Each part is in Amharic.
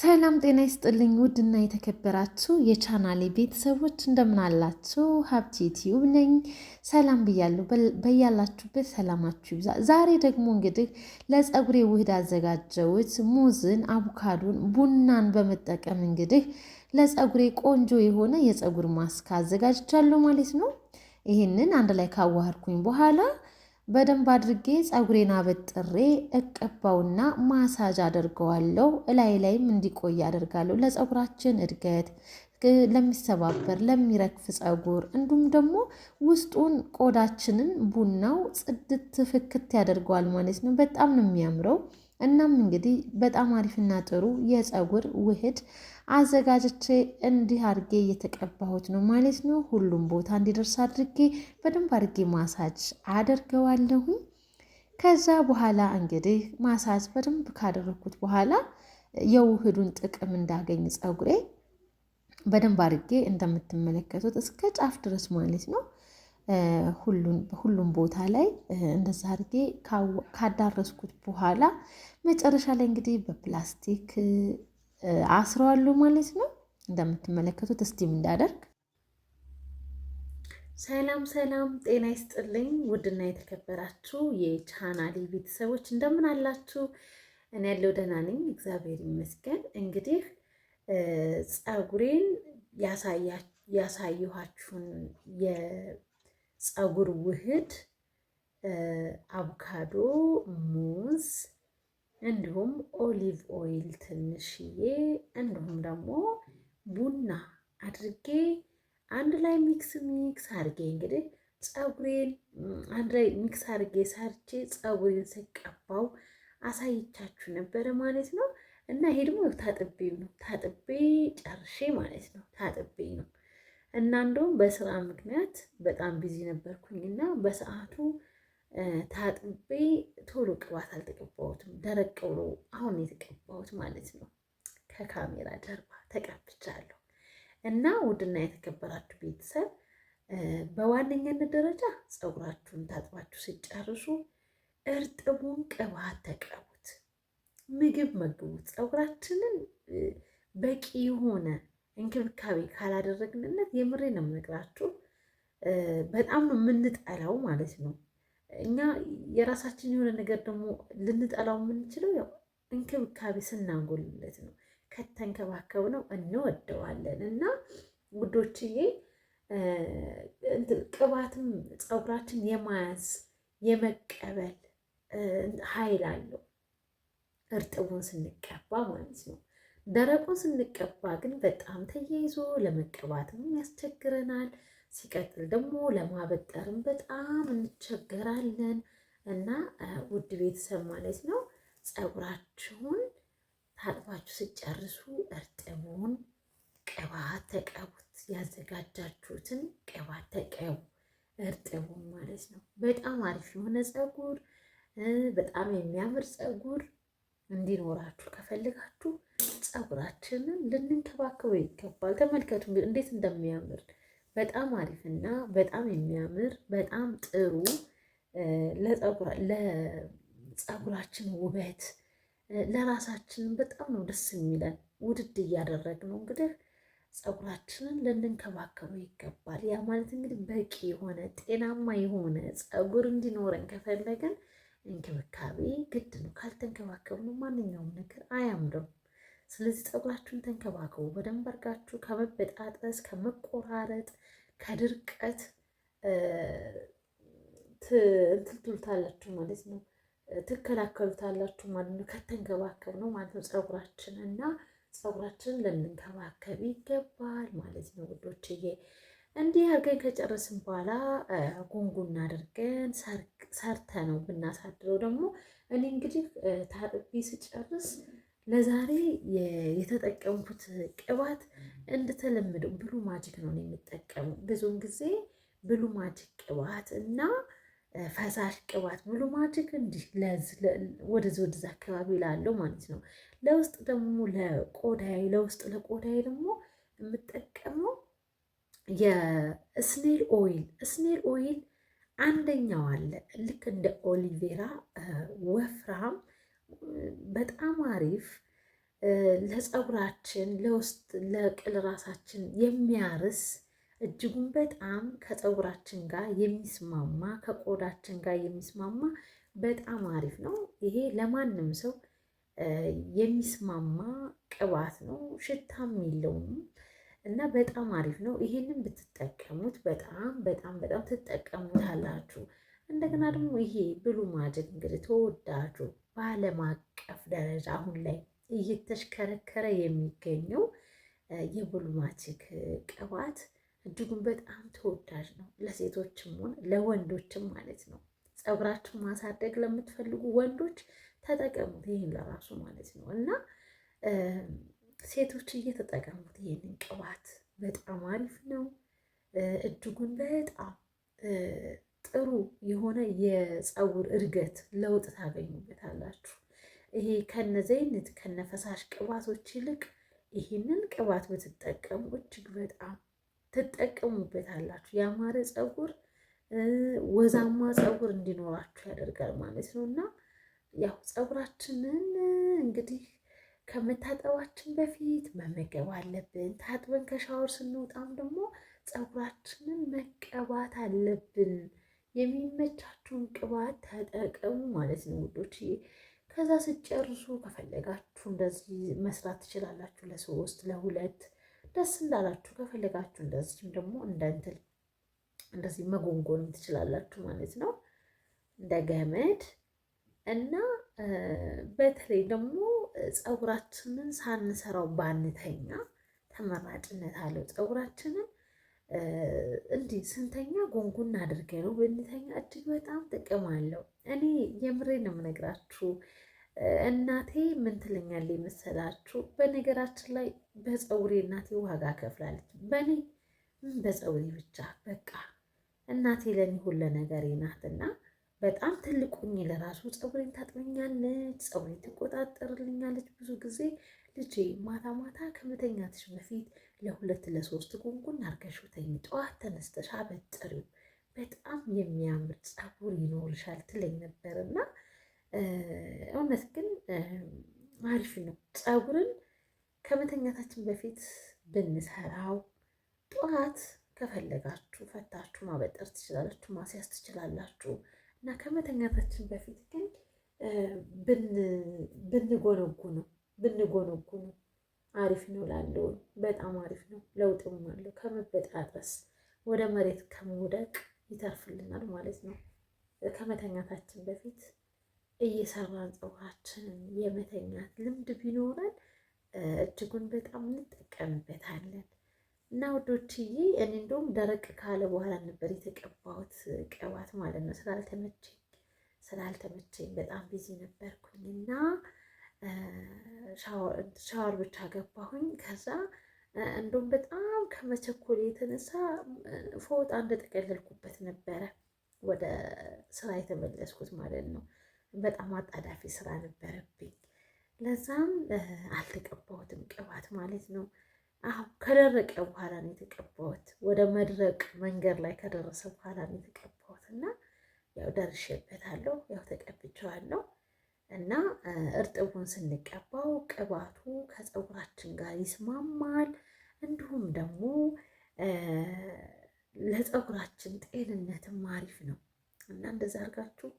ሰላም ጤና ይስጥልኝ። ውድና የተከበራችሁ የቻናሌ ቤተሰቦች እንደምናላችሁ ሀብቲ ዩቲዩብ ነኝ። ሰላም ብያለሁ። በያላችሁበት ሰላማችሁ ይብዛ። ዛሬ ደግሞ እንግዲህ ለፀጉሬ ውህድ አዘጋጀሁት። ሙዝን፣ አቮካዶን፣ ቡናን በመጠቀም እንግዲህ ለፀጉሬ ቆንጆ የሆነ የፀጉር ማስክ አዘጋጅቻለሁ ማለት ነው። ይህንን አንድ ላይ ካዋህድኩኝ በኋላ በደንብ አድርጌ ፀጉሬን አበጥሬ እቀባውና ማሳጅ አደርገዋለሁ። እላይ ላይም እንዲቆይ አደርጋለሁ። ለፀጉራችን እድገት ለሚሰባበር ለሚረግፍ ፀጉር እንዲሁም ደግሞ ውስጡን ቆዳችንን ቡናው ጽድት ፍክት ያደርገዋል ማለት ነው። በጣም ነው የሚያምረው። እናም እንግዲህ በጣም አሪፍና ጥሩ የፀጉር ውህድ አዘጋጅቼ እንዲህ አድርጌ እየተቀባሁት ነው ማለት ነው። ሁሉም ቦታ እንዲደርስ አድርጌ በደንብ አድርጌ ማሳጅ አደርገዋለሁኝ። ከዛ በኋላ እንግዲህ ማሳጅ በደንብ ካደረግኩት በኋላ የውህዱን ጥቅም እንዳገኝ ፀጉሬ በደንብ አድርጌ እንደምትመለከቱት እስከ ጫፍ ድረስ ማለት ነው ሁሉም ቦታ ላይ እንደዛ አድርጌ ካዳረስኩት በኋላ መጨረሻ ላይ እንግዲህ በፕላስቲክ አስረዋሉ ማለት ነው። እንደምትመለከቱት እስቲ እንዳደርግ ሰላም ሰላም፣ ጤና ይስጥልኝ ውድና የተከበራችሁ የቻናሌ ቤተሰቦች እንደምን አላችሁ? እኔ ያለው ደህና ነኝ፣ እግዚአብሔር ይመስገን። እንግዲህ ፀጉሬን ያሳየኋችሁን የፀጉር ውህድ አቮካዶ፣ ሙዝ እንዲሁም ኦሊቭ ኦይል ትንሽዬ እንዲሁም ደግሞ ቡና አድርጌ አንድ ላይ ሚክስ ሚክስ አድርጌ እንግዲህ ፀጉሬን አንድ ላይ ሚክስ አድርጌ ሰርቼ ፀጉሬን ስቀባው አሳይቻችሁ ነበረ ማለት ነው። እና ይሄ ደግሞ ታጥቤ ነው ታጥቤ ጨርሼ ማለት ነው ታጥቤ ነው። እና እንደውም በስራ ምክንያት በጣም ቢዚ ነበርኩኝ እና በሰዓቱ ታጥቤ ቶሎ ቅባት አልተቀባሁትም። ደረቅ ብሎ አሁን የተቀባሁት ማለት ነው። ከካሜራ ጀርባ ተቀብቻለሁ። እና ውድና የተከበራችሁ ቤተሰብ በዋነኛነት ደረጃ ፀጉራችሁን ታጥባችሁ ሲጨርሱ እርጥቡን ቅባት ተቀቡት። ምግብ መግቡት። ፀጉራችንን በቂ የሆነ እንክብካቤ ካላደረግንለት የምሬ ነው የምነግራችሁ፣ በጣም ነው የምንጠላው ማለት ነው። እኛ የራሳችን የሆነ ነገር ደግሞ ልንጠላው የምንችለው ያው እንክብካቤ ስናጎልለት ነው። ከተንከባከብ ነው እንወደዋለን። እና ውዶችዬ ቅባትም ፀጉራችን የማያዝ የመቀበል ኃይል አለው እርጥቡን ስንቀባ ማለት ነው። ደረቁን ስንቀባ ግን በጣም ተያይዞ ለመቀባትም ያስቸግረናል። ሲቀጥል ደግሞ ለማበጠርም በጣም እንቸገራለን እና ውድ ቤተሰብ ማለት ነው ፀጉራችሁን ታጥባችሁ ስጨርሱ እርጥቡን ቅባት ተቀቡት። ያዘጋጃችሁትን ቅባት ተቀቡ፣ እርጥቡን ማለት ነው። በጣም አሪፍ የሆነ ፀጉር፣ በጣም የሚያምር ፀጉር እንዲኖራችሁ ከፈልጋችሁ ፀጉራችንን ልንንከባከበው ይገባል። ተመልከቱ እንዴት እንደሚያምር በጣም አሪፍ እና በጣም የሚያምር በጣም ጥሩ ለፀጉራችን ውበት ለራሳችን በጣም ነው ደስ የሚለን። ውድድ እያደረግ ነው እንግዲህ ፀጉራችንን ልንንከባከበው ይገባል። ያ ማለት እንግዲህ በቂ የሆነ ጤናማ የሆነ ፀጉር እንዲኖረን ከፈለገን እንክብካቤ ግድ ነው። ካልተንከባከብነው ማንኛውም ነገር አያምርም። ስለዚህ ፀጉራችሁን ተንከባከቡ። በደንብ አርጋችሁ ከመበጣጠስ፣ ከመቆራረጥ፣ ከድርቀት እንትን ማለት ነው ትከላከሉታላችሁ ማለት ነው። ከተንከባከብ ነው ማለት ነው ጸጉራችን እና ፀጉራችንን ልንንከባከብ ይገባል ማለት ነው ውዶችዬ። እንዲህ አድርገን ከጨረስን በኋላ ጉንጉን አድርገን ሰርተ ነው ብናሳድረው ደግሞ እኔ እንግዲህ ታጥቤ ስጨርስ ለዛሬ የተጠቀምኩት ቅባት እንደተለመደው ብሉ ማጅክ ነው የምጠቀመው። ብዙውን ጊዜ ብሉ ማጅክ ቅባት እና ፈሳሽ ቅባት ብሉ ማጅክ እንዲህ ወደዚ ወደዚ አካባቢ ላለው ማለት ነው። ለውስጥ ደግሞ ለቆዳዬ ለውስጥ ለቆዳዬ ደግሞ የምጠቀመው የስኔል ኦይል ስኔል ኦይል አንደኛው አለ ልክ እንደ ኦሊቬራ ወፍራም በጣም አሪፍ ለፀጉራችን ለውስጥ ለቅል ራሳችን የሚያርስ እጅጉን በጣም ከፀጉራችን ጋር የሚስማማ ከቆዳችን ጋር የሚስማማ በጣም አሪፍ ነው። ይሄ ለማንም ሰው የሚስማማ ቅባት ነው። ሽታም የለውም እና በጣም አሪፍ ነው። ይሄንን ብትጠቀሙት በጣም በጣም በጣም ትጠቀሙታላችሁ። እንደገና ደግሞ ይሄ ብሉ ማጅክ እንግዲህ ተወዳጁ በዓለም አቀፍ ደረጃ አሁን ላይ እየተሽከረከረ የሚገኘው የቡልማቲክ ቅባት እጅጉን በጣም ተወዳጅ ነው። ለሴቶችም ሆነ ለወንዶችም ማለት ነው። ጸጉራችን ማሳደግ ለምትፈልጉ ወንዶች ተጠቀሙት፣ ይህን ለራሱ ማለት ነው እና ሴቶች እየተጠቀሙት ይህንን ቅባት በጣም አሪፍ ነው እጅጉን በጣም ጥሩ የሆነ የፀጉር እድገት ለውጥ ታገኙበታላችሁ። ይሄ ከነ ዘይነት ከነ ፈሳሽ ቅባቶች ይልቅ ይህንን ቅባት ብትጠቀሙ እጅግ በጣም ትጠቀሙበታላችሁ። ያማረ ፀጉር፣ ወዛማ ፀጉር እንዲኖራችሁ ያደርጋል ማለት ነው እና ያው ፀጉራችንን እንግዲህ ከመታጠባችን በፊት መመገብ አለብን። ታጥበን ከሻወር ስንወጣም ደግሞ ፀጉራችንን መቀባት አለብን። የሚመቻችሁን ቅባት ተጠቀሙ ማለት ነው ውዶች። ከዛ ስጨርሱ ከፈለጋችሁ እንደዚህ መስራት ትችላላችሁ። ለሶስት ለሁለት ደስ እንዳላችሁ ከፈለጋችሁ እንደዚህም ደግሞ እንደንትል እንደዚህ መጎንጎንም ትችላላችሁ ማለት ነው እንደ ገመድ እና በተለይ ደግሞ ፀጉራችንን ሳንሰራው ባንተኛ ተመራጭነት አለው። ፀጉራችንን እንዲህ ስንተኛ ጎንጉን አድርጌ ነው ብንተኛ እጅግ በጣም ጥቅም አለው። እኔ የምሬ ነው የምነግራችሁ። እናቴ ምን ትለኛል መሰላችሁ? በነገራችን ላይ በፀጉሬ እናቴ ዋጋ ከፍላለች። በእኔ በፀጉሬ ብቻ በቃ እናቴ ለእኔ ሁለ ነገር ናትና በጣም ትልቁኝ ለራሱ ፀጉሬን ታጥበኛለች፣ ፀጉሬን ትቆጣጠርልኛለች። ብዙ ጊዜ ልጄ ማታ ማታ ከመተኛትሽ በፊት ለሁለት ለሶስት ጉንጉን አርገሽው ተኝ። ጠዋት ተነስተሽ አበጥሪው በጣም የሚያምር ጸጉር ይኖርሻል ትለኝ ነበር እና እውነት ግን አሪፍ ነው። ጸጉርን ከመተኛታችን በፊት ብንሰራው ጠዋት ከፈለጋችሁ ፈታችሁ ማበጠር ትችላላችሁ፣ ማስያዝ ትችላላችሁ እና ከመተኛታችን በፊት ግን ብንጎነጉኑ ብንጎነጉኑ አሪፍ ነው ላለው በጣም አሪፍ ነው። ለውጥም አለው ከመበጣጠስ ወደ መሬት ከመውደቅ ይተርፍልናል ማለት ነው። ከመተኛታችን በፊት እየሰራን ጸጉራችንን የመተኛት ልምድ ቢኖረን እጅጉን በጣም እንጠቀምበታለን። እና ወዶችዬ እኔ እንደውም ደረቅ ካለ በኋላ ነበር የተቀባሁት ቅባት ማለት ነው። ስላልተመቸኝ ስላልተመቸኝ በጣም ቢዚ ነበርኩኝ እና ሻወር ብቻ ገባሁኝ። ከዛ እንደውም በጣም ከመቸኮል የተነሳ ፎጣ እንደጠቀለልኩበት ነበረ ወደ ስራ የተመለስኩት ማለት ነው። በጣም አጣዳፊ ስራ ነበረብኝ። ለዛም አልተቀባሁትም ቅባት ማለት ነው። አሁን ከደረቀ በኋላ ነው የተቀባሁት። ወደ መድረቅ መንገድ ላይ ከደረሰ በኋላ ነው የተቀባሁት እና ያው ደርሼበታለሁ። ያው ተቀብቼዋለሁ። እና እርጥቡን ስንቀባው ቅባቱ ከፀጉራችን ጋር ይስማማል። እንዲሁም ደግሞ ለፀጉራችን ጤንነትም አሪፍ ነው እና እንደዚ አድርጋችሁ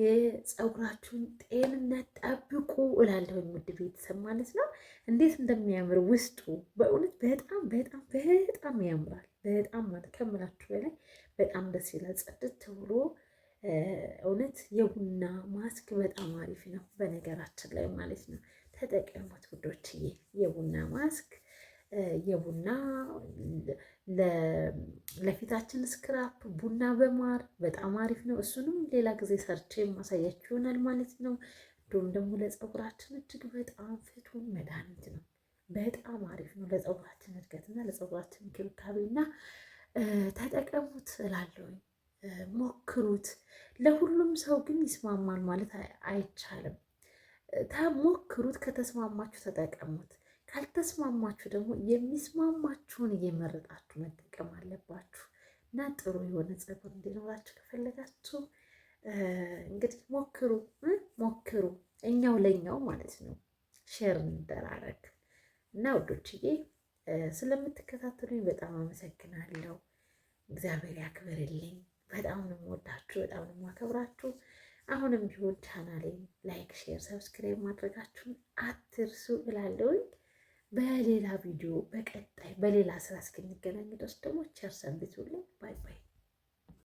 የፀጉራችሁን ጤንነት ጠብቁ እላለሁ። ውድ ቤተሰብ ማለት ነው። እንዴት እንደሚያምር ውስጡ በእውነት በጣም በጣም በጣም ያምራል። በጣም ከምላችሁ በላይ በጣም ደስ ይላል። ጽድት ብሎ እውነት የቡና ማስክ በጣም አሪፍ ነው፣ በነገራችን ላይ ማለት ነው። ተጠቀሙት ውዶችዬ። የቡና ማስክ የቡና ለፊታችን ስክራፕ ቡና በማር በጣም አሪፍ ነው። እሱንም ሌላ ጊዜ ሰርቼ የማሳያችሁ ይሆናል ማለት ነው። እንዲሁም ደግሞ ለፀጉራችን እጅግ በጣም ፍቱን መድኃኒት ነው። በጣም አሪፍ ነው ለፀጉራችን እድገትና ለፀጉራችን እንክብካቤና ተጠቀሙት እላለሁኝ። ሞክሩት። ለሁሉም ሰው ግን ይስማማል ማለት አይቻልም። ሞክሩት፣ ከተስማማችሁ ተጠቀሙት። ካልተስማማችሁ ደግሞ የሚስማማችሁን እየመረጣችሁ መጠቀም አለባችሁ እና ጥሩ የሆነ ፀጉር እንዲኖራችሁ ከፈለጋችሁ እንግዲህ ሞክሩ ሞክሩ። እኛው ለኛው ማለት ነው። ሼር እንደራረግ እና ውዶችዬ ስለምትከታተሉኝ በጣም አመሰግናለሁ። እግዚአብሔር ያክብርልኝ። በጣም ነው የምወዳችሁ፣ በጣም ነው የማከብራችሁ። አሁንም ቢሆን ቻናሌን ላይክ፣ ሼር፣ ሰብስክራይብ ማድረጋችሁን አትርሱ እላለሁኝ። በሌላ ቪዲዮ በቀጣይ በሌላ ስራ እስክንገናኝ ድረስ ደግሞ ቸር ሰንብቱልኝ። ባይ ባይ።